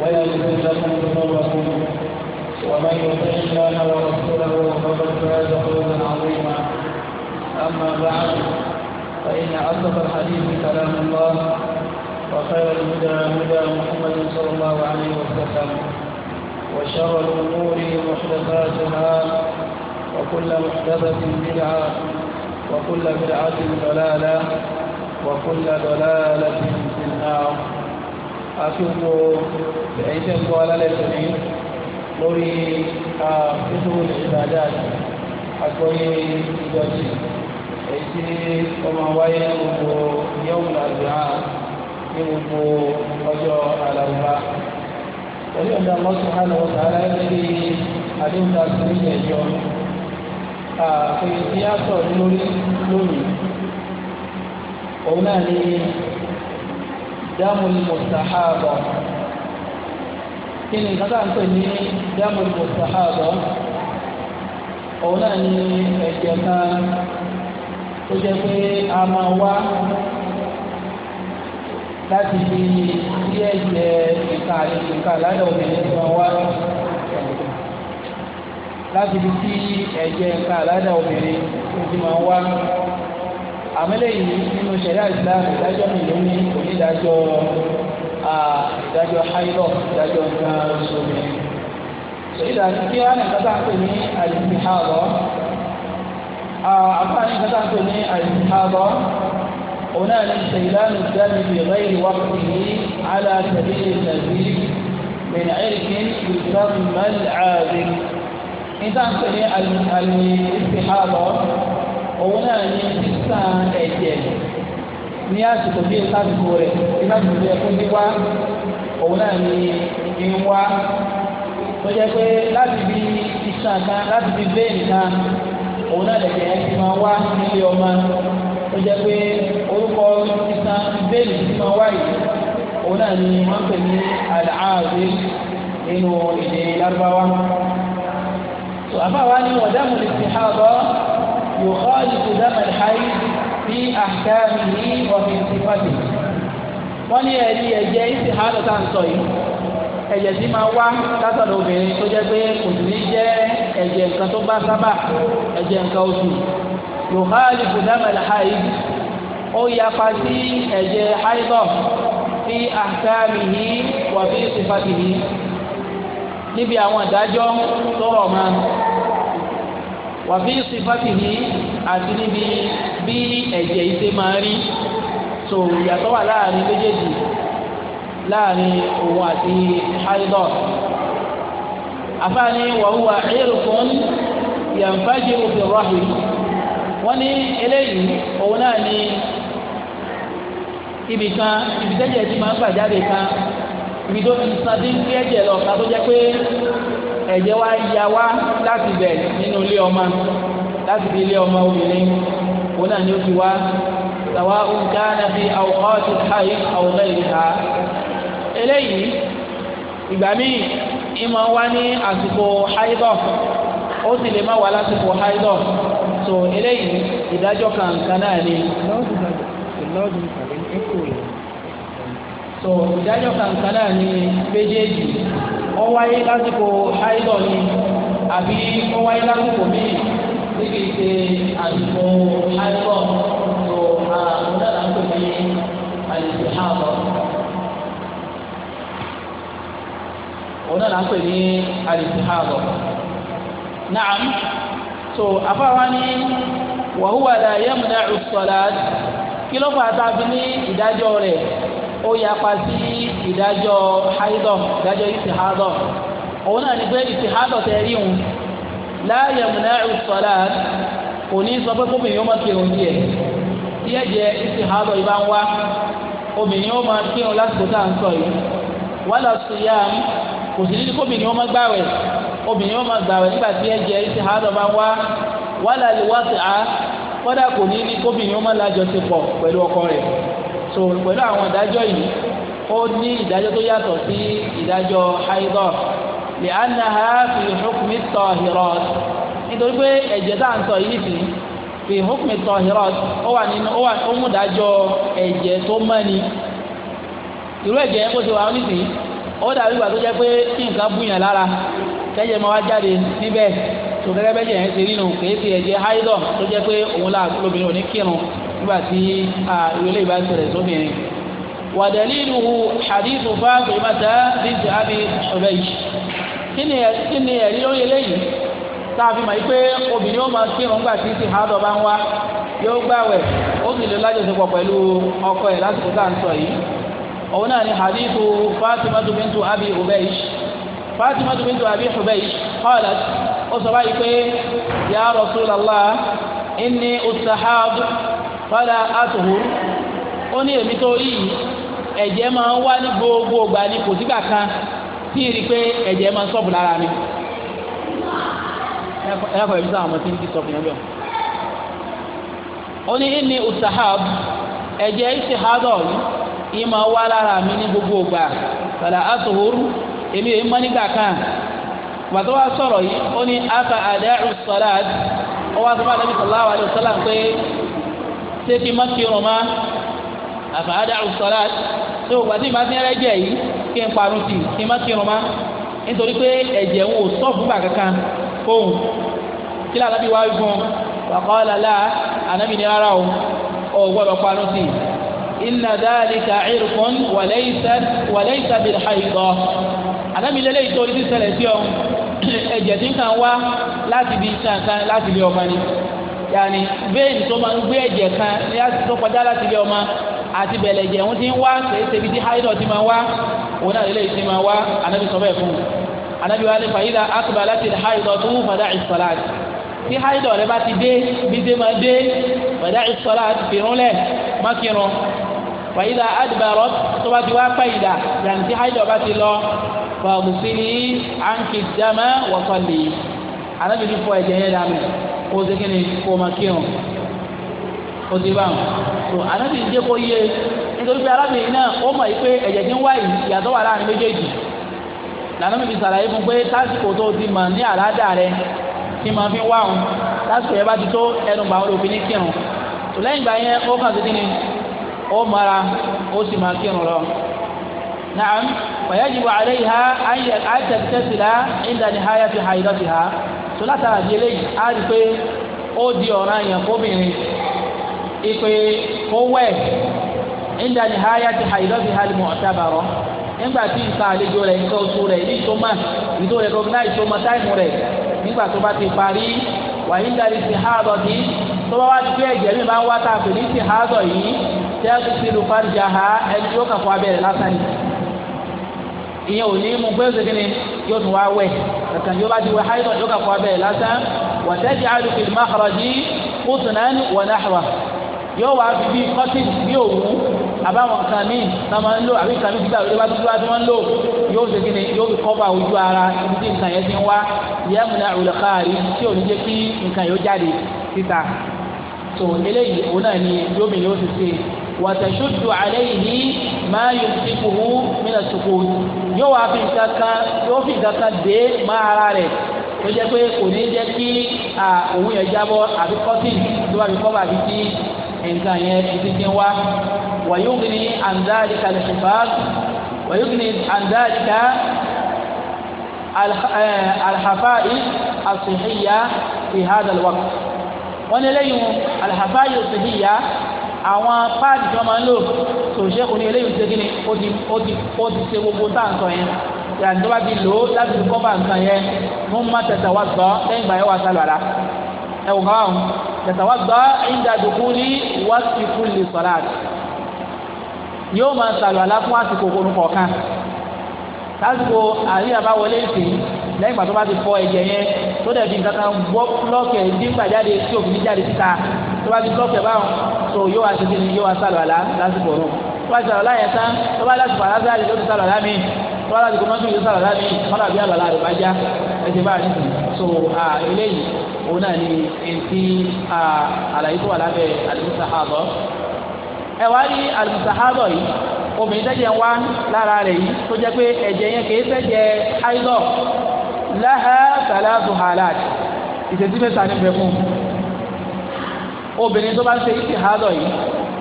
ويغفر لكم ذنوبكم ومن يطع الله ورسوله فقد فاز فوزا عظيما اما بعد فان اصدق الحديث كلام الله وخير الهدى هدى محمد صلى الله عليه وسلم وشر الامور محدثاتها وكل محدثه بدعه وكل بدعه ضلاله وكل ضلاله في النار àfihàn ẹ̀yìn tẹ́ ń gbọ́ alálẹ̀ tẹ̀lé lórí fífowó ìdàdà àgbọ̀yé ìdọ̀tí èyí tí ọmọ wáyé gbogbo yẹ́wò làgbà ní gbogbo ọjọ́ àlàbà. pẹ̀lú ọ̀dà Allah subhanahu wa ta'ala ẹ̀rí àdéhùn àti oríṣi ẹ̀jọ́ èyí tí a sọ̀rọ̀ lórí lónìí òun náà ní dáàmú ni mùsàhábà kí ni nǹkan tá à ń pè ní dáàmú ni mùsàhábà òun náà ni ẹ̀jẹ̀ kan tó jẹ́ pé a máa wá láti fi sí ẹ̀jẹ̀ ìka ìka lálẹ́ obìnrin tó máa wá láti fi sí ẹ̀jẹ̀ ìka lálẹ́ obìnrin tó ti máa wá. àmẹ́lẹ̀ yìí nínú ṣẹ̀ríà Islam ìdájọ́ mi ló ní kò ní ìdájọ́ ìdájọ́ haidọ̀ ìdájọ́ nǹkan oṣù mi. sèyídà kí á nìkan tá à ń pè ní àìsíhàbọ̀ àbá nìkan tá à ń pè ní àìsíhàbọ̀ òun náà ní sèyídánù dání bí rẹ́yìn wákàtí yìí alásàbí ìtàbí bẹ̀rẹ̀ àìríkín ìtàbí mẹ́lẹ̀ ààrẹ. níta ń pè ní àìsíhàbọ̀ òun náà ní sísan ẹ̀jẹ̀ ní àsìkò bí ẹ sásìkò rẹ̀ bí sásìkò bí ẹ fún wíwá òun náà ní ìwá tó jẹ́ pé láti bí iṣan kan láti bí bẹ́ẹ̀nì kan òun náà lẹ̀jẹ̀ ẹ ti máa wá nílé ọmọ tó jẹ́ pé orúkọ iṣan bẹ́ẹ̀nì ti máa wá yìí òun náà ní wọ́n pè ní àdáhàwé nínú èdè lárúbáwá. àbáwá ni wọ̀dà mú lè ti há ọ̀dọ́. يخالف دم الحيض في أحكامه وفي صفته wọ́n ní ẹ̀rí ẹ̀jẹ̀ ìsì hálò tá à ń sọ yìí ẹ̀jẹ̀ tí máa wá látọ̀dọ̀ obìnrin tó jẹ́ pé kò sì ní jẹ́ ẹ̀jẹ̀ nǹkan tó bá sábà ẹ̀jẹ̀ nǹkan oṣù yòókàlì kùdàmẹ̀lì haid ó yapa sí ẹ̀jẹ̀ haidọ̀ fi àkàmìhí wà fi sífàtìhí níbi àwọn ìdájọ́ tó rọ̀ mọ́ wà fi sifatihi àti níbi bí ẹ̀jẹ̀ ìṣe máa rí tó ìyàtọ̀ wà láàrin méjèèjì láàrin òun àti haidọ̀ àfáàní wa huwa irqun yanfajiru fi rahim wọ́n ní eléyìí òun náà ní ibì kan ti máa ń gbà kan ibi tó ti san tí ń gbé ẹ̀jẹ̀ lọ ká tó jẹ́ pé ẹ̀jẹ̀ wa ya wá láti bẹ̀ nínú ilé ọmọ láti fi ilé ọmọ obìnrin òun náà ni ó ti wá tàwa òǹkà náà fi àwòkọ́ ti káyé àwòkọ́ ìlú ha eléyìí ìgbà míì ìmọ̀ wá ní àsìkò haidọ̀ ó sì lè má wà lásìkò haidọ̀ so eléyìí ìdájọ́ kan kan náà ni tó ìdájọ́ kankana ní méjèèjì ó wáyé lásìkò haidọ̀ ni àbí ó wáyé lásìkò míì ní kì í ṣe àsìkò haidọ̀ tó àmúdàlá ń pè ní àlejò haidọ̀. òun náà ń pè ní alìsíhàbọ̀. Naam, so afáwa ní wàhúwà la yẹ́mùnà kí ló fà tá a fi ní ìdájọ́ rẹ̀ ó yapa sí ìdájọ́ haidọ̀ ìdájọ́ ìtìhádọ̀ òun náà ní pé ìtìhádọ̀ tẹ rí òun láàyè múná ìsọ̀lá kò ní sọ pé kóbìnrin ó máa fi òun díẹ̀ díẹ̀ díẹ̀ ìtìhádọ̀ ìbá ń wá obìnrin ó máa fi òun lásìkò tá à ń sọ yìí wàhálà sùyà kò sí ní kóbìnrin ó máa gbàwẹ̀ obìnrin ó máa gbàwẹ̀ nígbà tí ẹ̀jẹ̀ ìtìhádọ̀ bá wá wàhálà lè wá sí a kọ́dà kò ní ní kóbìnrin ó máa lájọṣepọ̀ so pẹ̀lú àwọn ìdájọ́ yìí ó ní ìdájọ́ tó yàtọ̀ sí ìdájọ́ haidọ̀ lè anaha fi hukumi tọhirọt nítorí pé ẹ̀jẹ̀ tá à ń sọ yìí sí fi hukumi tọhirọt ó wà nínú ó wà ó mú ìdájọ́ ẹ̀jẹ̀ tó mọ́ni irú ẹ̀jẹ̀ kó ṣe wà ó nìsí ó dàbí ìgbà tó jẹ́ pé nǹkan búyàn lára kẹ́jẹ̀ máa wá jáde níbẹ̀ tó gẹ́gẹ́ bẹ́jẹ̀ yẹn ṣe nínú kèé ti ẹ̀jẹ̀ haidọ̀ tó jẹ́ pé òun là lóbìnrin ò ní kírun nígbà tí ìrọ̀lẹ́ ìbá ṣẹlẹ̀ sóbìnrin. wàdàlílù hadith Fatimata bint Abi Hubaysh kí ni ẹ̀rí lórí eléyìí tá a fi mọ̀ yí pé obìnrin ó máa kírun gbà tí ti hádọ̀ bá ń wá yóò gbàwẹ̀ ó sì lè lájọsọpọ̀ pẹ̀lú ọkọ ẹ̀ lásìkò tá à ń sọ yìí òun náà ni hadith Fatimatu bintu Abi Hubaysh Fatimatu bintu Abi Hubaysh qalat ó báyìí pé ya Rasulallah inni ustahadu. fala atuhur ó ní èmi tó ẹ̀jẹ̀ máa ń wá ní kan tí ì rí i pé ẹ̀jẹ̀ máa ń lára mi ẹ̀kọ́ ẹ̀mí sáwọn ọmọ tí ń di sọ̀bù yẹn bẹ̀ ó ní inni usahab ẹ̀jẹ̀ máa wá lára mi ní gbogbo ìgbà fala atuhur èmi èyí mọ́ nígbà kan pàtó wa sọ̀rọ̀ yìí ó ní afa ada'u ó wá ṣé kí n má kírun má àfàádà ọ̀sọ́lá tó o pàtí màá ti rẹ́ jẹ́ yìí kí n parun tì kí n má kírun má nítorí pé ẹ̀jẹ̀ ń wò sọ́ọ̀fù gbà kankan fóun kí lóò alábí wá wí fún wàkọ́ lálá ànábì ní rárá o ò gbọ́dọ̀ parun tì inna dhalika irqun wa laysa bil hayd ànábì lélẹ́yìí tó o ti ṣẹlẹ̀ sí ọ ẹ̀jẹ̀ tí ń kàn wá láti di ìtàn kan láti di ọba yàní vein tó máa ń gbé ẹ̀jẹ̀ kan ní àsìkò tó kọjá láti ilé ọmọ àti bẹ̀lẹ̀ ẹ̀jẹ̀ wọn ti ń wá kèése ibi tí haidọ̀ ti máa wá òun náà lélẹ̀ ti máa wá anabi sọ bẹ́ẹ̀ fún un anabi wa ni fàyídà akbalati haidọ̀ tó fàdá ìsọ̀láàt tí haidọ̀ rẹ bá ti dé bí dé máa dé fàdá ìsọ̀láàt fìrúnlẹ̀ mákìrún fàyídà adìbàrọ̀ tó bá ti wá pàyídà yàní tí haidọ̀ bá ti lọ fàmùsílì ànkì dàmà wọ́sọ̀lì anabi ti fọ ẹ̀jẹ̀ yẹn dànù o ṣe kí ni kó o máa kírun o ti bá wọn nítorí pé arábìnrin náà ó mọ̀ yìí pé ẹ̀jẹ̀ tí ń wá yìí ìyàtọ̀ wà láàrin méjèèjì lànà mi fi sàlàyé fún pé lásìkò tó ti mọ̀ ní àràádà rẹ kí n fi wá òun yẹn bá ti tó ẹnu gbà wọn fi ní kírun tó lẹ́yìn ìgbà yẹn ó kàn sí ó ó sì kírun lọ. ha. tó látara di eléyìí á rí i pé ó di ọ̀ràn yẹn fóbìnrin ìpè kó wẹ̀ nígbà ní háyà ti hà ìlọ́sí hali mọ̀ ọ̀tá bàrọ̀ nígbà tí ìka àlejò rẹ̀ nǹkan oṣù rẹ̀ ní ìtòmá ìdó rẹ̀ gọ́gùn náà ìtòmá táìmù rẹ̀ nígbà tó bá ti parí wàyí ń darí sí háàdọ̀ ní tó bá wá ti pé ẹ̀jẹ̀ mi máa ń wá tààfin ní sí háàdọ̀ yìí tẹ́ẹ̀kì sílùú fàdìjà ha ẹni tí ó kà fún abẹ́rẹ́ lásán yìí ìyẹn ò ní mú pé oṣù kìíní yóò tún wá wẹ̀ kankan yóò bá ti wẹ̀ haidọ̀ yóò kà fọ́ abẹ́ lásán wàtẹ́jì alùpùpù makarajì kùtùnán wọ̀nàhàwà yóò wá fi bí cotton bí òwú àbáwọn kan ní ká máa ń lò àbí kan ní ti gbàgbé bá tuntun bá ti máa ń lò yóò ṣe kíni yóò fi kọ́ba ojú ara ibi tí nǹkan yẹn ti ń wá yẹ́mùnà òlùkárí tí ò ní jẹ́ kí nǹkan yóò jáde síta tó eléyìí òun náà ni yóò mi ni ti ṣe wàtẹ̀sùdù àlẹ́ yìí máa yọ síkùhù mílẹ̀ sùkù yóò wá fi kankan yóò fi kankan dé má ara rẹ̀ tó jẹ́ pé kò ní jẹ́ kí òun yẹn jábọ́ àbí kọ́tìn tó bá fi kọ́ bàbí tí nǹkan yẹn ti ti wá wàyúgìní àǹdáàdìkà lè fò fàá wàyúgìní àǹdáàdìkà alhafáì asùnhìyà fi hádàlwàkù wọn ni lẹ́yìn alhafáì asùnhìyà àwọn páàdì tí wọ́n máa ń lò tó ṣẹ́kù ní eléyìí ṣe kíni ó ti ó ti ó ti ṣe gbogbo tá à ń sọ yẹn yàtọ̀ tó bá ti lò ó láti fi kọ́fà nǹkan yẹn mú má tẹ̀tẹ̀ wá gbọ́ lẹ́yìn ìgbà yẹn wà sálọ àlá ẹ wò kàn áhùn tẹ̀tẹ̀ wá gbọ́ ìjà dùkú ní wá sí kú lè sọ̀rọ̀ àti yóò máa sálọ àlá fún àsìkò kọ̀ọ̀kan lásìkò àríyá bá wọlé ìsìn lẹ́yìn pàtó bá ti fọ ẹ̀jẹ̀ yẹn tó dẹ̀ fi nǹkan kan gbọ́ lọ́ọ̀kì ẹ̀ nígbà jáde tí òfin jáde síta tó bá ti lọ́ọ̀kì ẹ̀ báwọn tó yóò wá ṣe kíni yóò wá sálọ àlá lásìkò ọ̀run tó bá ti sálọ láyẹn tán tó bá lásìkò alásàlẹ̀ yóò ti sálọ àlá mi tó bá lásìkò mọ́tò yóò sálọ àlá mi kọ́lá bí àlọ́ àlọ́ ìbájá ẹ̀jẹ̀ bá ní so eléyìí òun náà ni èsì àlàyé tó wà lábẹ́ àlùmùsàhábọ̀ ẹ̀ wá ní àlùmùsàhábọ̀ yìí obìnrin tẹ́jẹ̀ wá lára rẹ̀ yìí tó jẹ́ pé ẹ̀jẹ̀ yẹn kìí tẹ́jẹ̀ àìlọ́ láhà sàlátù halal ní bẹ̀ fún obìnrin tó bá ń ṣe ìṣì hálọ̀ yìí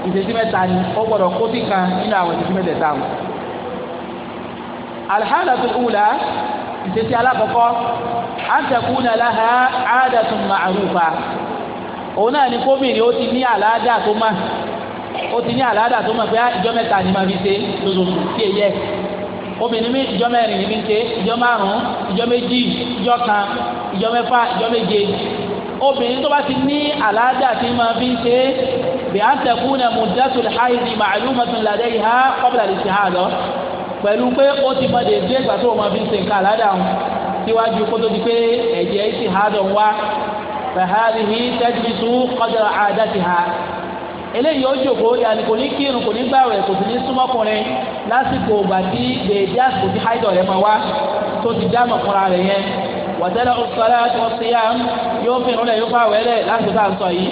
ìṣètí ni ó gbọ́dọ̀ kó sí kan nínú àwọn ìṣètí mẹ́tẹ̀ẹ̀ta na alhálàtù ula ìṣètí alákọ̀ọ́kọ́ òun ni kóbìnrin ó ti ó ti ní àlàáda tó mọ̀ pé ah, ìjọ mẹ́ta ni màá fi ṣe lóṣooṣù kí ẹ yẹ obìnrin mi ìjọ mẹ́rin ni mi ṣe ìjọ márùn-ún ìjọ méjì ìjọ kan ìjọ mẹ́fà ìjọ méje obìnrin tó bá ti ní àlàáda tí màá fi ṣe bí à ń tẹ̀kú ní mùdásù láìsí màálù mọ́tò ládé ìhá kọ́bìlà lè ṣe hàn lọ pẹ̀lú pé ó ti mọ dèjé ìgbà tó mọ̀ fi ṣe nǹkan àlàáda wọn síwájú kó tó di pé ẹ̀jẹ̀ ìṣèhádọ̀ wá fẹ̀hálì yìí tẹ́jú eléyìí ó jòkó yàní kò ní kírun kò ní gbàwẹ̀ kò sì ní súnmọ́kùnrin lásìkò ìgbà tí dèédé àsìkò tí haidọ̀ rẹ̀ máa wá tó ti dá mọ̀ fúnra rẹ̀ yẹn wàtẹ́lẹ̀ ọ̀sọ́lá tí wọ́n ti yá yóò fi ìrúnlẹ̀ yóò fàwẹ́ lẹ̀ láti bá ń sọ yìí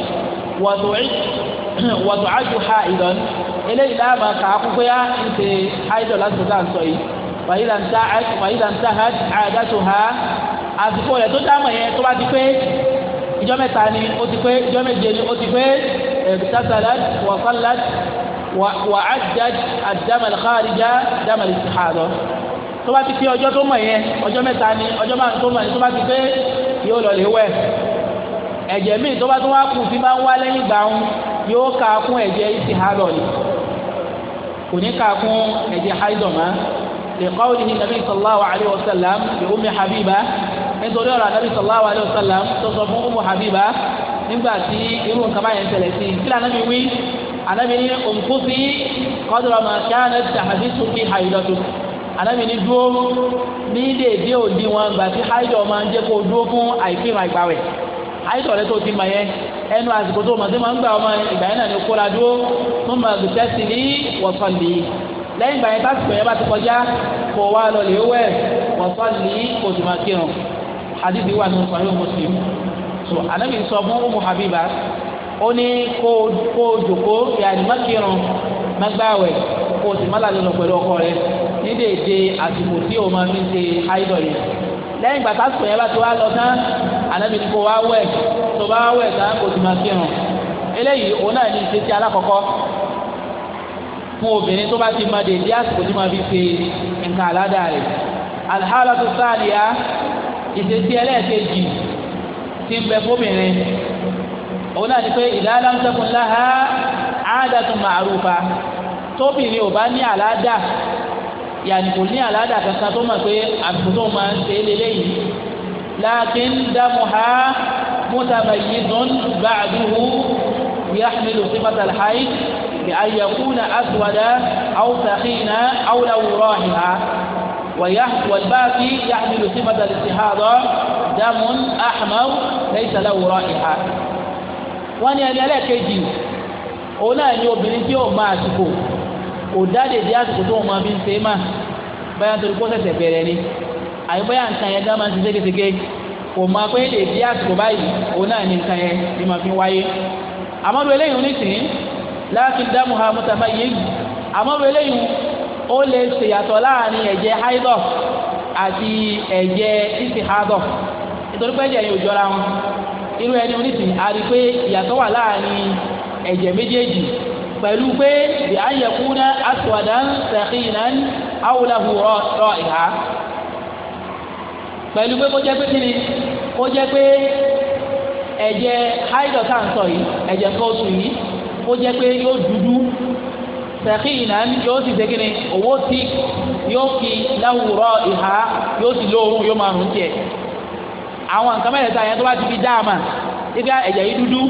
wọ̀tò ájú ha ìdán eléyìí láàmà kà á kúkú yá ń ṣe haidọ̀ láti bá sọ yìí wàyílà ń tá àdàtò ha àsìkò rẹ̀ tó dá mọ̀ yẹn tó bá ti pé ìjọ mẹ́ta ni ó ti pé ìjọ méje ni ó ti pé اغتسلت وصلت وعدت الدم الخارج دم الاستحاضة tó bá ti pé ọjọ́ tó mọ̀ yẹn ọjọ́ mẹ́ta ni ọjọ́ máa tó mọ̀ ni tó bá ti pé yóò lọ lè wẹ̀ ẹ̀jẹ̀ míì tó bá tún wá kù tí máa ń wá lẹ́yìn ìgbà ń yóò kà á kún ẹ̀jẹ̀ ìsìhálọ̀ ni kò ní kà á kún ẹ̀jẹ̀ haidọ̀mọ́ li qawlihi nàbí sallallahu alayhi wa sallam li ummi habiba nítorí ọ̀rọ̀ ànábì sallallahu alayhi wa sallam tó sọ fún ummu habiba nígbà tí irú nǹkan báyẹn tẹ̀lé sí i kílà anábì wí anábì ní òǹkófì kọ́dọ̀rọ̀ mà kíáná dàbí sókè àyùdọ̀tò anábì ní dúró ní déédéé òdi wọn gbà tí háìdọ̀ máa ń jẹ́ kó dúró fún àìfihàn ìgbà rẹ̀ háìdọ̀ rẹ̀ tó ti mọ̀ yẹn ẹnu àsìkò tó mọ̀ sí máa ń gbà ọmọ ìgbà yẹn náà ní kóra dúró fún màgùtẹ́ sí ní wọ̀sán lè lẹ́yìn ìgbà yẹn tásìkò yẹn bá ti kọjá kò wá lọ lè wẹ̀ wọ̀sán lè kò sì máa kírun àdìsí wà nínú Sahih Muslim so anabi sọ fún umu habiba ó ní kó kó jòkó yàrá mákìrún mágbáwẹ kó o sì má lálẹ́ lọ pẹ̀lú ọkọ rẹ ní dèédé àsìkò tí o máa fi ṣe háídọ̀ yẹn lẹ́yìn gbàtà sùn yẹn bá ti wá lọ tán anabi kó wá wẹ̀ tó bá wẹ̀ tán kó o sì má kírun eléyìí òun náà ní ìṣesí alákọ̀ọ́kọ́ fún obìnrin tó bá ti máa dèédé àsìkò tí máa fi ṣe nǹkan àládàá rẹ̀ alhálà tó sáà nìyà ìṣesí ẹlẹ́ẹ̀kejì. ti ń bẹ fóbìnrin òun náà ni pé ìdáàlá ń sẹ́kùn láha àádàtún màrúfa tóbìnrin ò bá ní àládà yàní kò ní àládà kankan tó mọ̀ pé àbùkù tó máa ń ṣe é lélẹ́yìí lákin dáàmú ha mutamayizun ba'duhu yahmilu sifata alhayd bi an yakuna aswada aw sakhina aw lawrahiha wa yahwa albaqi sí sifata alistihada damun ahmar laysa lahu ra'iha wọ́n ní ẹni ẹlẹ́ẹ̀kejì òun náà ní obìnrin tí yóò máa àsìkò kò dáde di àsìkò tó wọn máa fi ń ṣe é mà báyà torí kó ṣẹ̀ṣẹ̀ bẹ̀rẹ̀ ni àyè báyà nǹkan yẹn dá máa ń ṣe ségesège kò máa pé lè di àsìkò báyìí òun náà ní nǹkan yẹn ni máa fi ń wáyé àmọ́dù eléyìí ń nìsín láti dámú ha mọ́tàmá yéyìí àmọ́dù eléyìí ó lè ṣèyàtọ̀ láàrin ẹ̀jẹ̀ haidọ̀ àti ẹ̀jẹ̀ ìsìhádọ̀ nítorí pé ẹ̀jẹ̀ yìí ò jọra wọn irú ẹni onísìn a rí i pé ìyàtọ̀ wà láàrin ẹ̀jẹ̀ méjèèjì pẹ̀lú pé bí a yẹ kú ná aswadan saqinan awulahu rọ ìhá pẹ̀lú pé kó jẹ́ pé kíni kó jẹ́ pé ẹ̀jẹ̀ haidọ̀ tá à ń sọ yìí ẹ̀jẹ̀ nǹkan oṣù yìí kó jẹ́ pé yóò dúdú saqinan yóò sì ṣe kíni owó tí yóò kí láwùrọ̀ ìhá yóò sì lóorùn yóò máa rùn tiẹ̀ àwọn nǹkan mẹ́tẹ̀ẹ̀ta yẹn tó bá ti fi dáàmà ibi ẹ̀jẹ̀ yìí dúdú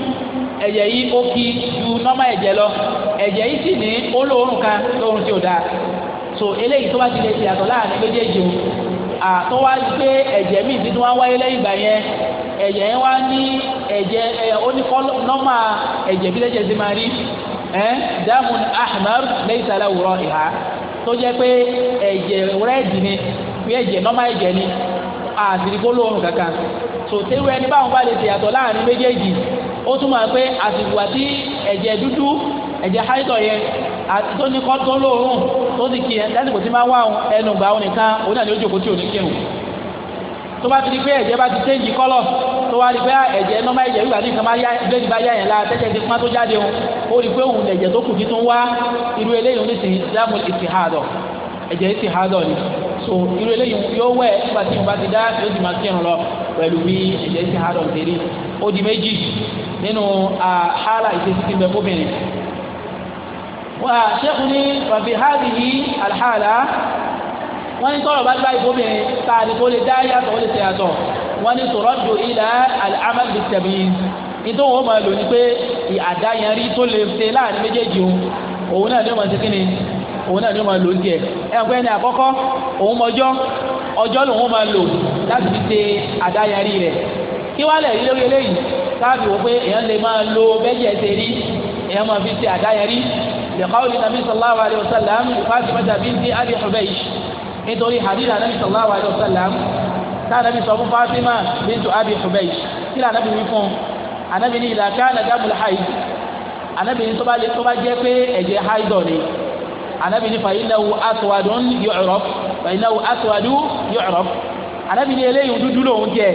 ẹ̀jẹ̀ yìí ó kí ju nọ́mà ẹ̀jẹ̀ lọ ẹ̀jẹ̀ yìí sì ní olóorun kan lóorun tí ò dáa so eléyìí tó bá ti lè ṣèyàtọ̀ láàrin méjèèjì o àtọ́ wá pé ẹ̀jẹ̀ míì ti tún wá wáyé lẹ́yìn ìgbà yẹn ẹ̀jẹ̀ yẹn wá ní ẹ̀jẹ̀ ẹ̀ ó ní nọ́mà ẹ̀jẹ̀ bí lẹ́jẹ̀ ti máa rí ẹ̀ damun ahmar laysa lahu ra'iha tó jẹ́ pé ẹ̀jẹ̀ rẹ́ẹ̀dì ni pé ẹ̀jẹ̀ nọ́mà ẹ̀jẹ̀ ni àsìkò lóorun kankan sòtẹ́wé ẹni báwọn bá lè tìyàtọ̀ láàrin méjèèjì ó túmọ̀ pé àsìkò àti ẹ̀jẹ̀ dúdú ẹ̀jẹ̀ háìtọ̀ yẹn àti tó ní kọ́ tó lóorun tó ti kì í lásìkò tí máa ń wá ẹnu gbà òun nìkan òun náà ni ó jòkó tí ò ní kírun tó bá ti di pé ẹ̀jẹ̀ bá ti tẹ́jì kọ́lọ̀ tó wá di pé ẹ̀jẹ̀ nọ́mà ẹ̀jẹ̀ wíwà nìkan bá yá bẹ́ẹ̀ni bá yá yẹn la tẹ́jẹ̀ ti pọ́n tó jáde o ó rí i pé òun ẹ̀jẹ̀ tó kù títún wá irú eléyìí ó ní sìn dáàmú ìtìhádọ̀ ẹ̀jẹ̀ ìtìhádọ̀ ni so irú eléyìí yóò wẹ̀ nígbà tí mo bá ti dá yóò di máa kírun lọ pẹ̀lú bí ẹ̀jẹ̀ ti hàdọ̀ tèrè ó di méjì nínú àhálà ìṣesí ti bẹ fóbìnrin. wà á ṣẹ́kù ní wàfi hàbì yìí àlhàlà wọ́n ní tọ́rọ̀ bá gbá ìfóbìnrin tá a ní kó lè dá yàtọ̀ ó lè ṣe yàtọ̀ wọ́n ní tòrọ́ ju ilà àmàlì tẹ̀mí nítorí wọn máa lò ní pé àdáyanrí tó lè ṣe láàrin méjèèjì òun òun náà ní wọn ti kí ni òun náà ni ó máa lò ó tiẹ̀ ẹ̀kọ́ ẹni àkọ́kọ́ òun mọjọ́ ọjọ́ lòun máa lò láti fi ṣe àdáyarí rẹ̀ kí wàá lẹ̀ rí lórí eléyìí káàbì wò pé èèyàn lè máa lo bẹ́ẹ̀jì ẹsẹ̀ rí èèyàn máa fi ṣe àdáyarí lẹ́kọ̀ọ́ nabi sallallahu alayhi wa sallam Fatimata binti Abi Hubaysh nítorí hadith anabi sallallahu alayhi wa sallam táà nabi sọ fún Fatima bintu Abi Hubaysh kí lè anabi wí fún anabi ní ìlàkà nàdàmùl haid anabi ní tó bá jẹ́ pé ẹ̀jẹ̀ haidọ̀ ni anabi ni fàyínláwù aswadun yu'raf fàyínláwù aswadu yu'raf anabi ni eléyìí dúdú lòun jẹ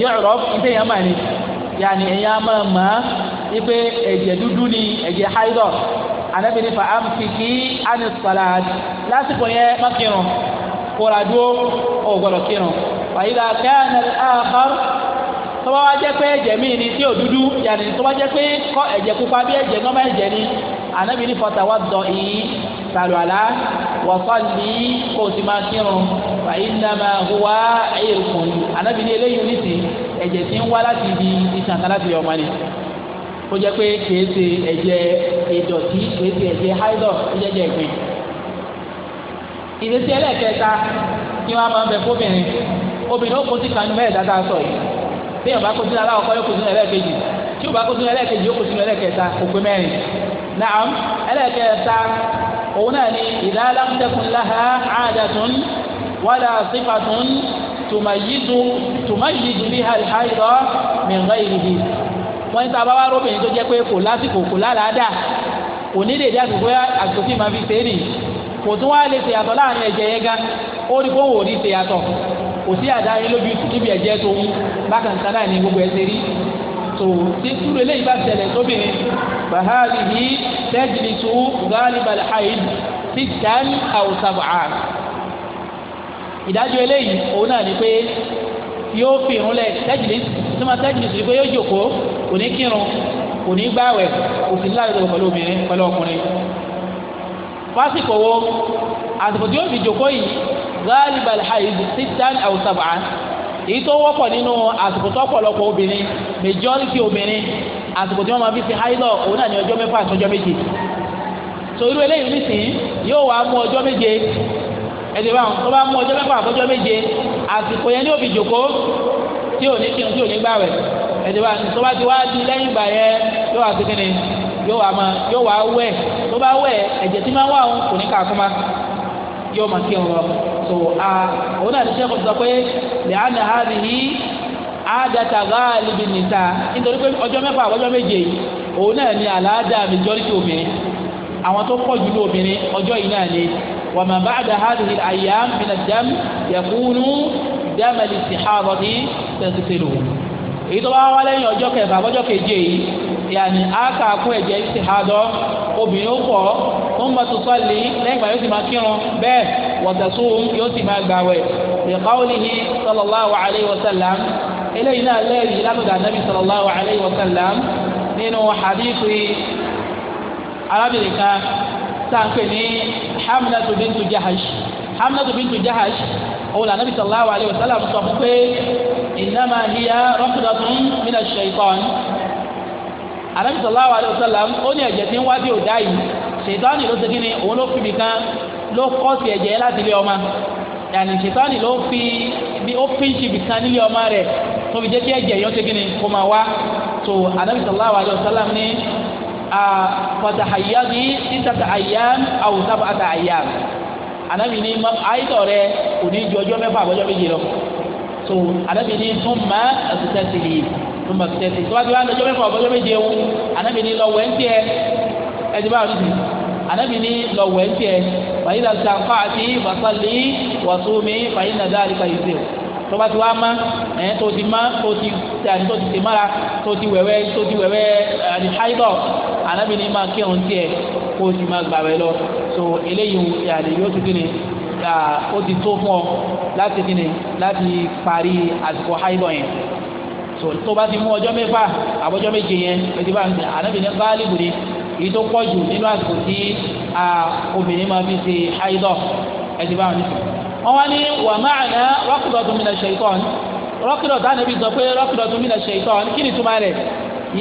yu'raf ìdè yẹn mà ní yàní ẹ̀yà máa mọ̀ á ipe ẹ̀jẹ̀ dúdú ni ẹ̀jẹ̀ haidọ̀ anabi ni fa'amfiki anis salad lásìkò yẹn má kírun kóra dúró ó gbọdọ̀ kírun fàyínlá kana al-akhar tọ́ba wa jẹ́ pé ẹ̀jẹ̀ mi ni tí ò dúdú yàní tọ́ba jẹ́ pé kọ́ ẹ̀jẹ̀ pupa bí ẹ̀jẹ̀ gọ́mọ ẹ̀jẹ̀ ni ànábi ní fọta wa dọ̀ sàlùwàlá ala kò sì máa kírun wà ìnàmà huwa ẹ̀yẹ̀kùn ànábì ní eléyìí ẹ̀jẹ̀ ń wá láti ibi ìtàn kan láti ọmọ ni ó jẹ́ pé kìí ṣe ẹ̀jẹ̀ ìdọ̀tí kìí ṣe ẹ̀jẹ̀ háìdọ̀ ìjẹ́jẹ́ ìgbìn ìdẹ́sí ẹlẹ́ẹ̀kẹta ni wọ́n á máa ń bẹ fóbìnrin obìnrin ó kó sí kanú mẹ́ẹ̀ẹ́dá tá sọ yìí bí yóò kó sínú aláwọ̀ kọ́ yóò kó sínú ẹlẹ́ẹ̀kejì tí òun náà ni idha lam takun laha 'adatun wala sifatun tùmàyídù tùmàyídù biha al-haida min ghayrihi wọ́n ní sábà wá róbìnrin tó jẹ́ pé kò lásìkò kò lálàádà kò ní dèdè àsìkò àsìkò tí màá fi ṣe é nì kò tún wá lè ṣèyàtọ̀ láàrin ẹ̀jẹ̀ yẹn gan ó rí fóun ò ní ṣèyàtọ̀ kò sí àdáyé lójú níbi ẹ̀jẹ̀ tó ń bákan kan ní gbogbo ẹ̀ ṣe rí tó tí kúrò eléyìí bá ṣẹlẹ̀ tóbìnrin bàhálì yìí tẹ́jìlì tó gáàlì balẹ̀ haid sí tán àwòsàbà ìdájọ́ eléyìí òun náà ni pé yóò fi irun lẹ̀ tẹ́jìlì tó máa tẹ́jìlì tó yẹ pé yóò jòkó kò ní kírun kò ní gbààwẹ̀ kò sì ní láàrin pẹ̀lú obìnrin pẹ̀lú ọkùnrin fásitì wo àsìkò tí yóò fi jòkó yìí gáàlì balẹ̀ haid sí tán àwòsàbà èyí tó wọ́pọ̀ nínú àsìkò tó pọ̀lọpọ̀ obìnrin majority obìnrin àsìkò tí wọ́n máa fi ṣe haidọ̀ òun náà ní ọjọ́ mẹ́fà àtọjọ́ méje so irú eléyìí nísìnyí yóò wá mú ọjọ́ méje ẹ̀dẹ̀ bá wọn tó bá mú ọjọ́ mẹ́fà àtọjọ́ méje àsìkò yẹn ní òbí jòkó tí ò ní kírun tí ò ní gbàwẹ̀ ẹ̀dẹ̀ bá tó bá ti wá di lẹ́yìn ìgbà yẹn yóò wá sí kíni yóò wá máa yóò wá wẹ̀ tó bá wẹ̀ ẹ̀jẹ̀ tí máa wà òun kò ní kà á kọ́ yóò máa kírun lọ so òun náà ti ṣe kò sọ pé lẹ́hànà ha nìyí àádọ́ta gáàlì bí nìta nítorí pé ọjọ́ mẹ́fà ọjọ́ méje òun náà ni àlàáda majority obìnrin àwọn tó pọ̀ jù ní obìnrin ọjọ́ yìí náà ni wàmà bá àdá ha nìyí àyà mìnà dàm yẹkùnú dàmẹ́lì sí ha rọ̀ ní tẹ̀sítẹ́lù èyí tó bá wá lẹ́yìn ọjọ́ kẹfà ọjọ́ keje yìí yàní aka kún ẹ̀jẹ̀ ìsìhádọ́ obìnrin ó pọ̀ ó ń bá tó sọ́ọ̀lì lẹ́yìn ìgbà yóò sì máa kírun bẹ́ẹ̀ wọ̀tẹ̀sùn yóò sì máa gbàwẹ̀ ìkọ́wọ́lìhì sallallahu alayhi wa sallam eléyìí náà lẹ́yìn látọ̀dọ̀ anabi sallallahu alayhi wa sallam nínú hadithi arábìnrin kan sáńpẹ̀ ní hamnatu bintu jahash hamnatu bintu jahash òun lànà bìtà aláwọ̀ alẹ́ wasalam sọ fún pé ìnáma hiya rọ́kùdọ̀tún mina ṣèitán alábìtà aláwọ̀ alẹ́ wasalam ó ní ẹ̀jẹ̀ tí ń wá bí òdá yìí ṣèitán ló ṣe kí ni òun ló fi mi kan ló kọ́sì ẹ̀jẹ̀ láti ilé ọmọ yàní ṣètọ́nì ló fi bí ó pínṣì bì kan nílé ọmọ rẹ̀ tó fi jẹ́ kí ẹ̀jẹ̀ yóò tẹ́gí ni kó máa wá tó anabi sallallahu alayhi wa sallam ní fọ̀tàhàyàbí títàtà àyàm àwùsábà àtà àyàm anabi ní àyítọ̀ rẹ̀ kò ní ju ọjọ́ mẹ́fà àbọ̀jọ́ méje lọ tó anabi ní tún má ẹ̀sùtẹ́ sí i tún má ẹ̀sùtẹ́ sí i tó bá ti wá lọ́jọ́ mẹ́fà àbọ̀jọ́ méje wọn anabi ní lọ wẹ́ńtì anabi ni lọwọ ẹsẹ fàyín náà sàǹfà àti wàsálì wàsómi fàyín náà dáàrí ka yìí tó bá ti wá má ẹ tó ti má tó ti tẹ àti tó ti tẹ mára tó ti wẹwẹ tó ti wẹwẹ àti eh, haidọ anabi ni máa kí ọ̀hún tiẹ̀ kó o ti máa gbàwẹ lọ so eléyìí yàrá yóò tún kí ni ka ó ti tó fún ọ láti kí ni láti parí àsìkò haidọ yẹn so tó bá ti mú ọjọ́ mẹ́fà àbọ̀jọ́ méje yẹn ètò ìbáraẹni ànábìíní báálí gbòde èyí tó pọ̀ jù nínú àsìkò tí obìnrin máa fi ṣe àìdọ̀ ẹtì báwọn nìkan. wọ́n wá ní wà máa ná rọ́kìdọ̀tù mi náà ṣètọ́ ni rọ́kìdọ̀tù àná bí sọ pé rọ́kìdọ̀tù mi náà ṣètọ́ ni kí ni túmọ̀ rẹ̀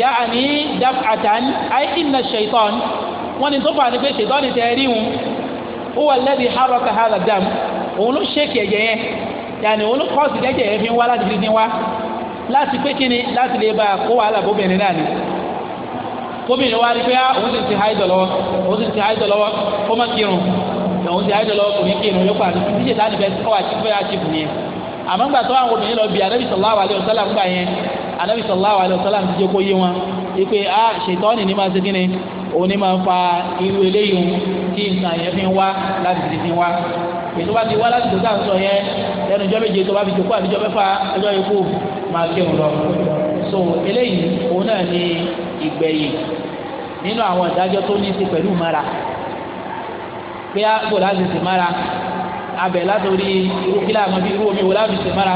yá àní daf àtàn àìkí náà ṣètọ́ ni wọ́n ní tó fà ní pé ṣètọ́ ni tẹ́ rí wọn ó wà lẹ́bi haraka hàlà dam òun ló ṣèkì ẹ̀jẹ̀ yẹn yàní òun ló kọ́ọ̀sì ẹ̀jẹ̀ yẹn fi ń wá láti fi ń wá láti pé kíni láti lè bá kó wàhálà bóbìnrin náà ni gómìnà wa rí pé ah, òun sì ti háìdọ̀ lọ́wọ́ òun sì ti háìdọ̀ lọ́wọ́ kó má kírun òun ti háìdọ̀ lọ́wọ́ kò ní kírun yóò pàdé bí jẹ̀dá nìfẹ́ ọwọ́ àti fẹ́ àṣìkò yẹn àmọ́ gbà tó àwọn obìnrin lọ bí anabi sallallahu alayhi wa sallam gbà yẹn anabi sallallahu alayhi wa sallam ti jẹ́ kó yé wọn ipe a ah, ṣètọ́ni ní máa ṣe kí ni òun ní máa fa irú eléyìí tí nǹkan yẹn fi ń wá láti ti fi ń wá ètò bá ti wá láti tó sáà sọ yẹn lẹ́nu ìjọ méje tó bá fi jòkó àbíjọ mẹ́fà ọjọ́ ikú máa kírun lọ so eléyìí òun náà ni ìgbẹ̀yìn nínú àwọn ìdájọ́ tó ní í ṣe pẹ̀lú mara pé àgbò láti ṣe mara abẹ látòrí irú kílà àwọn bíi irú omi wo láti ṣe mara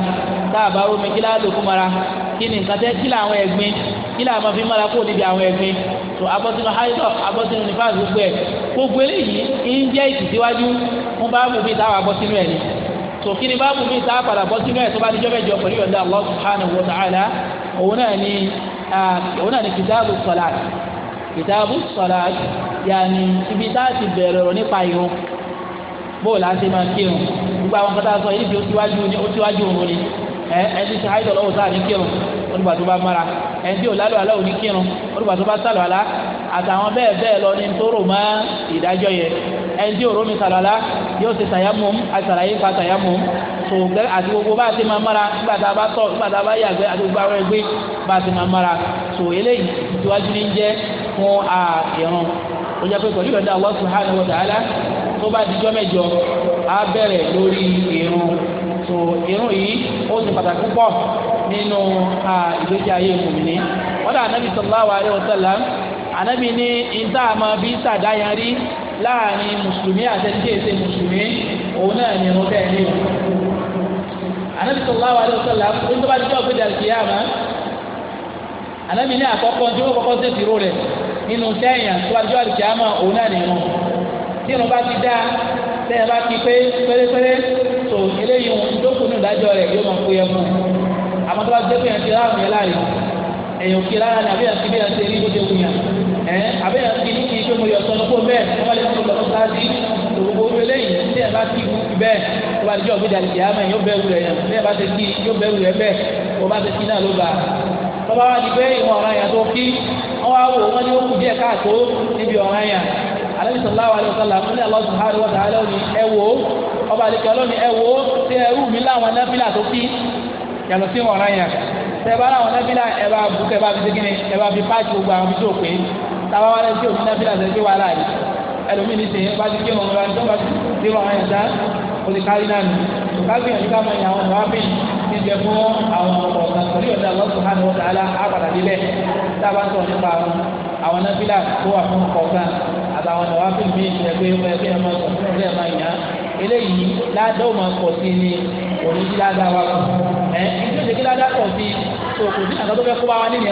tá a bá omi kílà lò fún mara kí ni nǹkan tẹ́ kílà àwọn ẹ̀gbin kílà àwọn fi mara kó níbi àwọn ẹ̀gbin tó abọ́sínú haidọ̀ abọ́sínú nífàs gbogbo ẹ̀ gbogbo eléyìí ń jẹ́ ìtìsíwájú fún báàbù bíi táwọn abọ́sínú ẹ̀ ni tó kí ni báàbù bíi táwọn padà bọ́sínú ẹ̀ tó bá dijọ́ mẹ́jọ pẹ̀lú ọ̀dà Allah subhanahu wa ta'ala òun náà ni òun náà ni kìtàbù sọ̀làt kìtàbù sọ̀làt yàní ibi tá a ti bẹ̀rẹ̀ ọ̀rọ̀ nípa ìrun bó o là á ṣe máa kírun gbogbo àwọn kan tá a sọ yìí fi o síwájú ó síwájú òun ni ẹ ẹ ti ṣe àìsàn lọ́wọ́ sáà ní kírun olùgbà tó bá mara ẹ ti ò lálọ́ àlọ́ òní kírun olùgbà tó bá sálọ̀ àlá àtàwọn bẹ́ẹ̀ bẹ́ẹ̀ lọ ní tó rò mọ́ ìdájọ́ yẹn ẹ ti ò rómi sálọ̀ àlá yóò ṣe tàyámùm àtàlàyé fa tàyámùm tó gbẹ àti gbogbo bá a ti máa mára nígbà tá a bá tọ̀ nígbà tá a bá yàgbẹ́ àti gbogbo àwọn ẹgbẹ́ bá a ti máa mára tó eléyìí ìtìwájú ní jẹ́ fún àìrùn ó jẹ́ pé pẹ̀lú ìrọ̀dá Allah subhanahu wa ta'ala tó bá dijọ́ mẹ́jọ á bẹ̀rẹ̀ lórí irun tó irun yìí ó ti pàtàkì púpọ̀ nínú ìgbésí ayé mùmíní wọ́n dà anábì sallallahu alaihi wa sallam anábì ní ìta àmọ́ bí sàdáyàn rí láàrin mùsùlùmí àtẹ̀tí èsè mùsùlùmí òun náà ni irun bẹ́ẹ̀ ni o. anabi sallallahu alaihi wasallam ní tó bá ti jọ́ gbéjà kìyàmá anabi ní àkọ́kọ́ tí wọ́n kọ́kọ́ sèṣì ró rẹ̀ nínú sẹ́yìn tó bá ti jọ́ kìyàmá òun náà ni irun. tí irun bá ti dá sẹ́yìn bá ti pé pérépéré tó eléyìí ìdókòó nù dájọ́ rẹ̀ yóò máa kó yẹ fún un. àmọ́ tó bá ti dé pé yẹn ti rá ẹ abẹ́yà ti ní kí n ṣe mo yọ sọ́nù kó bẹ́ẹ̀ wọ́n bá lè fún ọlọ́mọ sáájú gbogbo owó eléyìí tí ẹ bá ti wú bẹ́ẹ̀ tó bá dijọ́ gbéjà lè yàmẹ̀ yóò bẹ́ẹ̀ wúlẹ̀ yẹn bí ẹ bá ti kí yóò bẹ́ẹ̀ wúlẹ̀ bẹ́ẹ̀ tó bá ti kí náà ló bá tó bá wá di pé ìwọ̀n ọ̀ràn yẹn tó kí wọ́n wá wò wọ́n ní ó kù díẹ̀ káàtó níbi ọ̀ràn yẹn alẹ́ sọ̀lá wa alẹ́ sọ̀lá fún Allah ẹ bá láwọn nẹ́fílà bá fi ṣe ẹ bá fi páàkì gbogbo àwọn fi tó pé tàbá wálé tí òní náfìlà ṣe fi wàhálà yìí ẹlòmíì ní sèyí bá ti kí wọn lọ tó bá ti kí wọn yẹn dá o ti kárí náà nù káfíà yìí ká máa yàn àwọn ọ̀hábì ti jẹ fún àwọn ọ̀gá torí ọ̀dà lọ́sùn hàn wọ́n tààlà àpàdà nílẹ̀ tábà sọ nípa àwọn náfìlà tó wà fún ọ̀gá àtàwọn ọ̀hábì míì ti ẹgbẹ́ ẹgbẹ́ ẹgbẹ́ ẹ̀ma sọ fún ẹgbẹ́ ẹ̀ma yàn eléyìí ládàá ò máa pọ̀ sí ni òní ti ládàá wa kù ẹ̀ ní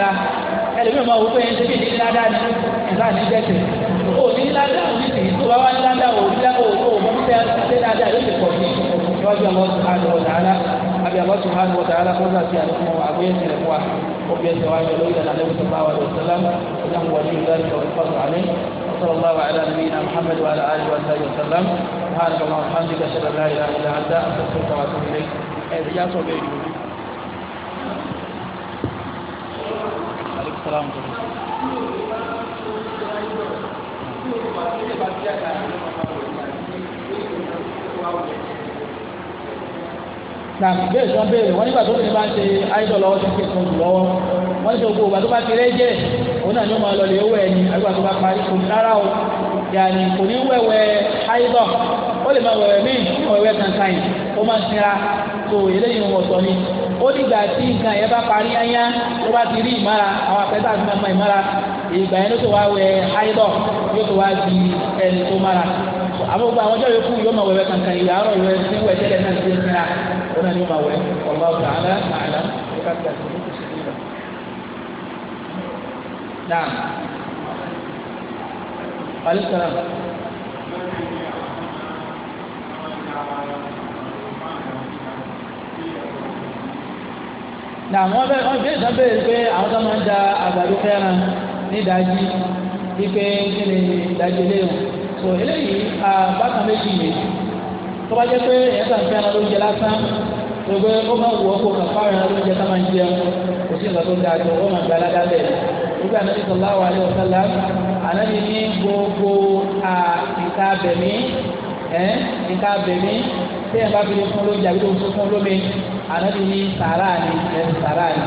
ẹlòmíì máa wò pé ẹni tí ní ládàá ni ẹ̀ka ní jẹ́sẹ̀ o ní ládàá o ní sì tó bá wá ní ládàá o ní ládàá o o mọ̀ nípa ẹ̀ṣẹ̀ ládàá yóò ti pọ̀ ní ìwájú ọlọ́sùn àdùn ọ̀tà alá àbí ọlọ́sùn àdùn ọ̀tà alá kọ́ńtà sí àdúgbò àgbéyẹ̀sẹ̀ rẹ̀ fún wa وفي الزواج الأولى عليه صلى الله عليه وسلم إنه ولي ذلك والقدر عليه وصلى الله على نبينا محمد وعلى آله وصحبه وسلم سبحانك اللهم وبحمدك أشهد أن لا إله إلا أنت أستغفرك وأتوب إليك. sọ́lá wọn tó lọ. na bẹ́ẹ̀ sọ bẹ́ẹ̀ wọ́n nígbà tó ní bá ń ṣe idol lọ́wọ́ tó ń kékeré jù lọ́wọ́ wọ́n ní sọ gbogbo ìgbà tó bá ti rẹ́ jẹ́ òun náà ni ó máa lọ lè owó ẹni àgbà tó bá parí kò ní rárá o yàní kò ní wẹ̀wẹ̀ idol ó lè máa wẹ̀wẹ̀ míì wẹ̀wẹ̀ kankan yìí ó máa ń sinra tó eléyìí ń wọ̀ sọ ni ó dìgbà tí nǹkan yẹn bá parí ayá tó bá ti rí ìmára àwọn àpẹẹta àti mọ̀mọ́ ìmára ìgbà yẹn ló tó wá wẹ áyídọ̀ yóò tó wá di ẹni tó mára àwọn gbogbo àwọn ọjọ́ yòókù yóò máa wẹ̀wẹ̀ kankan ìyá ọ̀rọ̀ ìwẹ̀ tí wẹ̀ tẹ́lẹ̀ náà ti ń ra ó náà ni ó máa wẹ̀ ọ̀gbọ́n àlá àlá ó bá ti Naam. Waalaikumsalam. nà wọ́n bẹ wọ́n fi ìtàn bẹ́ẹ̀ pé àwọn tó máa ń da àgbàdo fẹ́ràn nídàájí wípé kí ni ìdájí eléyìí so eléyìí àbákan méjì yìí tó bá jẹ́ pé ẹ̀ka fẹ́ràn ló ń jẹ lásán gbogbo ó máa wù ọ́ kó kà fáwọn ló ń jẹ táwọn jẹ kò sí nǹkan tó ń da àjọ ó máa gba aládá bẹ́ẹ̀ gbogbo ànábi sallallahu alaihi wasallam ànábi ní gbogbo ìta bẹ̀mí ẹ̀ ìta bẹ̀mí tí ẹ̀ bá fi lè fún lóúnjẹ àbí tó fún lómi anabi ní sàrà ni ẹ sàrà ni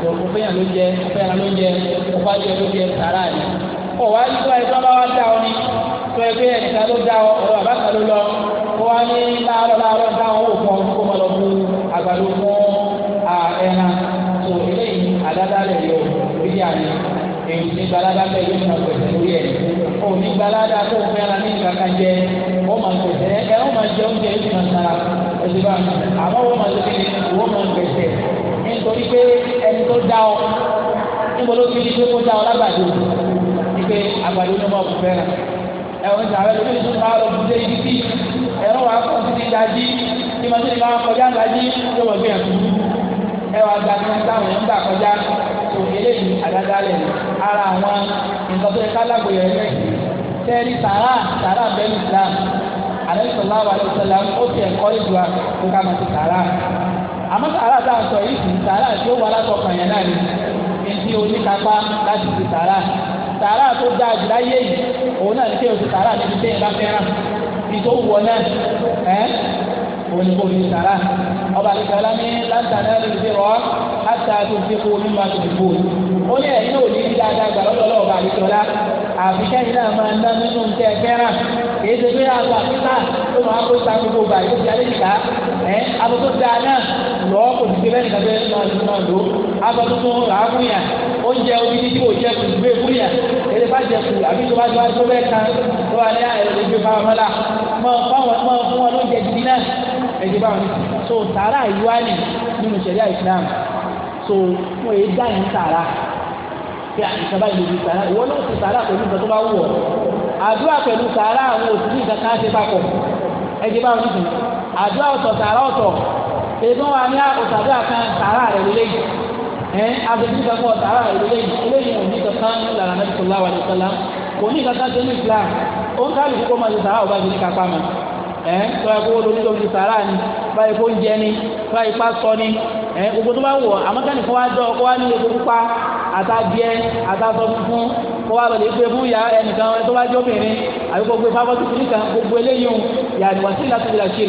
tó o fẹ́yàn ló jẹ o fẹ́yàn ló jẹ o bá jẹ ló jẹ sàrà ni o wá ní tó ẹ tó bá wá dá ọ ni tó ẹ pé ẹnìkan ló dá ọ ọ̀rọ̀ o kan ló lọ kó wá ní láàárọ̀ láàárọ̀ táwọn ò fọ kó mọ lọ fún àgbàdo o ẹran tó eléyìí àdádálẹ̀ yóò rí àná èyí ní gbalada bẹ́ẹ̀ yóò máa pèsè lórí ẹ̀ ò ní gbalada tó fẹ́ràn ní ìgbà kan jẹ ó máa pèsè ẹ ó máa jẹ oúnjẹ yóò máa sara ẹ̀sìn bá àmọ́ wọ́n máa tóbi wọ́n máa gbẹ̀sẹ̀ nítorí pé ẹni tó dá ọ níbo ló fi ní pé kó dá ọ lágbàdo ní pé àgbàdo ló máa kú fẹ́ràn ẹ̀wọ̀n ìjà rẹ̀ lórí ìtúntà ọ̀rọ̀ ìdílé ibi tí ẹ̀rọ wà kọ́ sí ìdájí tí màá tóbi máa kọjá ìdájí ló wọ̀ bí ẹ̀kú ẹwà gbàgbé táwọn èèyàn gbà kọjá tó eléyìí àdádálẹ̀ ara àwọn nǹkan tó yẹ ká lágbo yẹn lẹ́yìn tẹ́ẹ̀rí sàrà sàrà bẹ́ẹ̀ alẹ́ sọ̀lá wa alẹ́ sọ̀lá ó fi ẹ̀kọ́ ìjọba kó ká máa ti sàárà àmọ́ sàárà tá a sọ yìí sì sàárà tí ó wà látọkàn yẹn náà ni èdè oníkápá láti ti sàárà sàárà tó dáa jù láyé yìí òun náà ní kí o ti sàárà níbi tí ẹ bá fẹ́ràn ibi wọ náà ẹ òun ni kò ní sàárà ọba àti sàárà ní lantana lè fi rọ láti àti òfin kó omi máa tó dìbò ó ní ẹ̀yin ò ní rí dáadáa gbà lọ́dọ̀ kì í ṣe pé àgbà àfíkà tó máa kó sa gbogbo gbà yóò di alẹ́nìká ẹ̀ abọ́tó dáa náà lọ́ kò ní ṣe lẹ́nìkan fẹ́ máa lò máa lò abọ́tó tó ń rà á fún yà oúnjẹ omi tí kò jẹ kùn gbé fún yà èdè bá jẹ kùn àbí tó bá tó bá tó bẹ́ẹ̀ kan tó wà ní àyẹ̀wò lè gbé fáwọn mọ́lá máa fún wọn lóúnjẹ gidi náà ẹ̀jẹ̀ báwọn ní so tààrà ìwá nì nínú ṣẹ̀ríà Islam so wọ́n èé dá yín tààrà pé àìsàn báyìí lè di tààrà ìwọ náà ti tààrà pẹ̀lú nǹkan tó bá wù ọ́ àdúrà pẹ̀lú sàárà àwọn òṣìṣẹ́ ìkankan ṣe papọ̀ ẹ̀jẹ̀ bá wọn dùn àdúrà ọ̀tọ̀ sàárà ọ̀tọ̀ èdè wọn ní ọ̀sàdúrà kan sàárà rẹ̀ lélẹ́yìn ẹ̀ abẹ́jú kankan sàárà rẹ̀ lélẹ́yìn eléyìí ò ní kankan lára nàbí sọlá wà ní sọlá kò ní kankan tó ní Islam ó ń káàlù kókó máa ṣe sàárà ọba ìdílé kápá mọ́ ẹ̀ tọ́ ẹ̀ kówó lórí lórí sàárà ni báyìí kó ń jẹ ni báyìí pa sọ ni ẹ̀ gbogbo tó bá wọ̀ àmọ́kànnì kó wá dọ́ kó wá ní epo pupa àtàbíẹ́ àtàsọ funfun kó wá lọlé gbé fún ya ẹnìkan tó bá jẹ́ obìnrin àbí kó gbé fáfọ́tì kìíní kan gbogbo eléyìí òun yà ní wọ́n sí láti ìlà ṣe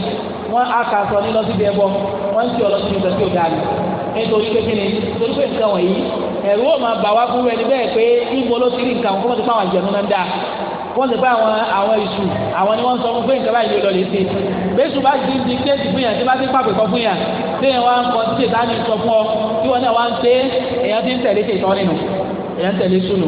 wọ́n á kà sọ ní lọ́síbi ẹbọ wọ́n ń tì ọ lọ́síbi ìgbà tí ò dáa nítorí pé kíni nítorí pé nǹkan wọ̀nyí ẹ̀rú ò máa bà wá fún ẹni bẹ́ẹ̀ pé ibo ló ti rí nǹkan kó wọ́n ti pa náà dáa wọ́n ti pa àwọn àwọn iṣu àwọn ni wọ́n sọ fún pé nǹkan báyìí ló lè ṣe bẹ́sù bá ti di kéèsì fún yàn tí bá ti pàpè kọ fún yàn téèyàn wá ń kọ tí ètò á sọ fún ọ tí wọn náà wá ń ṣe èèyàn ti ń tẹ̀lé ṣètọ́ nínú èèyàn ń tẹ̀lé sùnù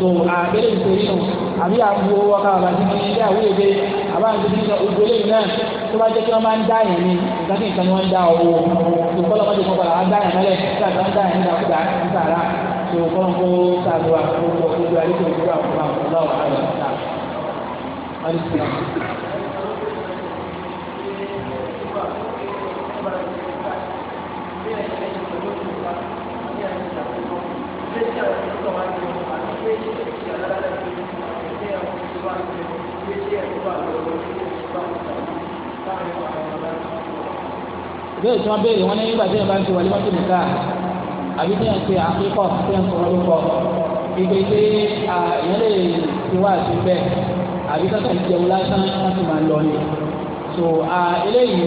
so àbẹ̀lẹ̀ ìtòrí nù àbí àbú owó ọkà bàbá tí wọ́n ilé àwúlé pé àbá àti ìdíjọ ògbólé náà tó bá jẹ́ kí wọ́n máa ń dá yẹn ni ìdájọ́ nǹkan ni wọ́n ń dá owó tó kọ́ lọ́mọdé kọ́kọ́ là á dá yẹn mọ́lẹ̀ nígbà tó ń dá yẹn nígbà kúta nígbàrá tó kọ́ lọ́n kó sàdó àkókò gbogbo àdékòwò gbogbo àkókò àwọn ọ̀gá ọ̀gá ọ̀gá ìbéèrè tí wọ́n béèrè wọ́n ní nígbà tí wọ́n bá ń ṣe wàlúwà tó nìka àbí tí wọ́n ṣe àkíkọ̀ tí wọ́n sọ̀rọ̀ lórúkọ ìgbè pé ìyẹn lè ti wá àti bẹ́ẹ̀ àbí kọ́kọ́ ìjẹun lásán wọ́n sì máa lọ ni. so eléyìí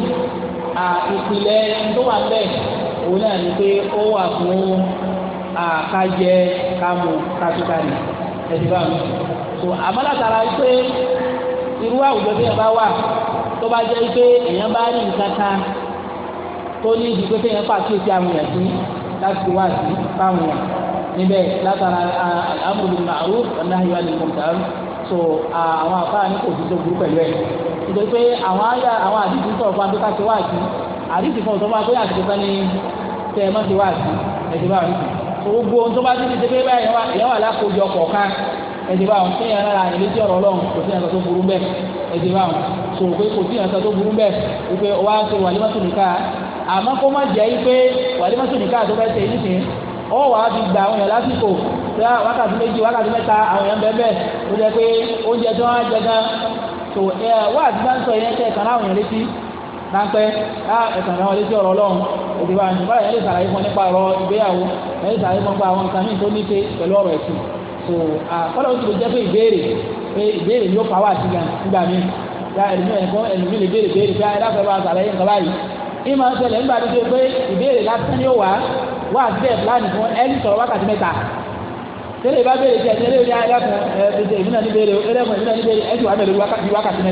ìpìlẹ̀ tó wà bẹ́ẹ̀ òun náà ni pé ó wà fún àkájẹ ká mú kátó dání ẹtì bá mi tó àmàlàtàrà pé irú àwùjọ tí yẹn bá wà tó bá jẹ́ pé èèyàn bá ní nǹkan kan tó ní ibi pé kéèyàn a àwọn èèyàn sí láti wá sí fáwọn èèyàn níbẹ̀ látara al-amru bil ma'ruf wan-nahyu 'anil munkar so àwọn afárá ní kò sí tó burú pẹ̀lú ẹ̀ nítorí pé àwọn àyà àwọn àdìsí sọ̀rọ̀ fún abẹ́ká ti wá sí àdìsí fún ọ̀tọ́ fún abẹ́yà ti sọ ní tẹ́ ẹ má ti wá sí ẹ̀ ti bá rí sí gbogbo ohun tó bá ti di ṣe pé báyìí ìyá wà lákòójọ kọ̀ọ̀kan ẹ̀dì bá wọn kéèyàn lára àyè létí ọ̀rọ̀ ọlọ́run kò sí ẹ̀sán tó burú bẹ́ẹ̀ ẹ̀dì bá wọn sọ̀rọ̀ pé kò sí ẹ̀sán tó burú bẹ́ẹ̀ wípé wá ṣe wàlímọ́tò nìka àmọ́ kó má jẹ́ pé wàlímọ́tò nìka tó fẹ́ ṣe nísìn ọ wàá fi gba àwọn èèyàn lásìkò wákàtí méjì wákàtí mẹ́ta àwọn èèyàn bẹ́ẹ̀ bẹ́ẹ̀ ó jẹ́ pé oúnjẹ tó wá jẹ gan so wá àti bá ń sọ yẹn kẹ́ẹ̀kan láwọn èèyàn létí Na á ẹ̀sán àwọn ilé tí ọ̀rọ̀ ọlọ́run òbí wa nípa sàlàyé fún nípa ọ̀rọ̀ ìgbéyàwó ẹ̀ sàlàyé fún nípa àwọn nǹkan tó ní ṣe pẹ̀lú ọ̀rọ̀ ẹ̀sìn so àkọ́lọ́ ó ti pé ìbéèrè pé ìbéèrè yóò wá sí gan nígbà ya lè béèrè béèrè sàlàyé nǹkan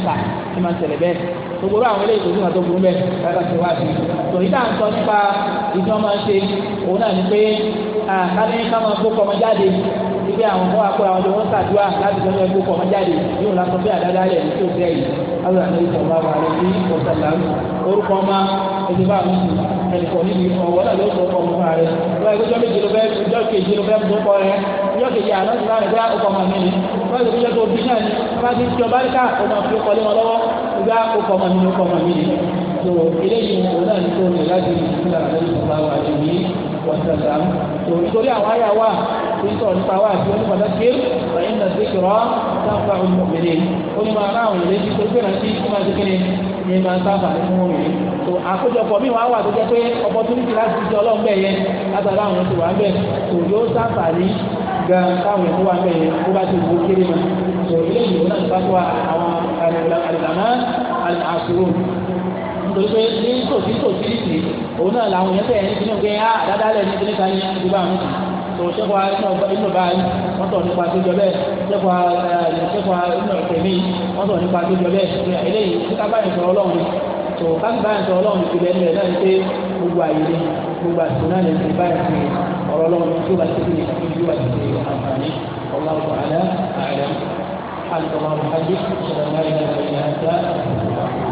báyìí gbogbo àwọn eléyìí tó dùnà tó burú bẹ́ẹ̀ lára ti wá sí i tòyí náà ń sọ nípa ìdí wọn máa ń ṣe òun náà ni pé àkàlẹ́ ká máa kó kọ́ ọmọ jáde ibi àwọn kó wa kó àwọn ọmọ sàdúrà láti sọ fún kó ọmọ jáde yóò lásán bí àdáda rẹ̀ ní tó bẹ́ẹ̀ yìí ẹni bá mi ẹni kọ níbi ọwọ́ náà yóò tó kọ ọmọ rẹ wọn ẹgbẹjọ méje ló fẹ́ ẹjọ kejì ló fẹ́ mú kọ rẹ ẹjọ kejì àná ti láàrin bá ọkọ ọmọ mi ni wọn ẹgbẹjọ méje tó bí náà ni wọn ti ń tí ọba ríkà ọmọ fi kọ lé wọn lọ́wọ́ ìgbà ọkọ ọmọ mi ni ọkọ ọmọ mi ni so eléyìí òun náà ni tó ní láti ìlànà ìsọ̀rọ̀ àwọn àdìmí wọ̀sẹ̀sán torí àwọn àyà wà tí ń sọ̀rọ̀ nípa wà tí ó ní pàtàkì ẹ̀yìn náà ti kìrọ̀ sáfà ọmọ obìnrin ó ní máa ráhùn létí tó gbéra sí ìmọ̀ àti kéde ní máa ń sáfà ní fún mi tó àkójọpọ̀ mi wàá wà tó jẹ́ pé opportunity láti fi ọlọ́run bẹ̀ yẹn látara àwọn tó wà ń bẹ̀ tó yóò sáfà ní gan káwọn èèyàn wà ń bẹ̀ yẹn tó bá ti wo kéré mọ́ tó ilé ìlú náà bá tó àwọn àlìlámà àṣírò nítorí pé ní tòsí tòsí nìsí òun náà làwọn èèyàn bẹ̀rẹ̀ ní kíní tó sẹ́kọ̀ọ́ inú báyìí wọ́n sọ̀rọ̀ nípa tó bẹ́ẹ̀ sẹ́kọ̀ọ́ sẹ́kọ̀ọ́ inú ìtẹ̀mí wọ́n sọ̀rọ̀ nípa tó bẹ́ẹ̀ eléyìí kíkà báyìí sọ̀rọ̀ ọlọ́run ni tó káàkiri báyìí sọ̀rọ̀ ọlọ́run ti bẹ́ẹ̀ nílẹ̀ náà pé gbogbo àyè ni gbogbo àti náà lè fi báyìí fi ọ̀rọ̀ ọlọ́run tó bá ti fi ìlú àti àǹfààní ọlọ́run àlẹ́ àlẹ́ àlùkò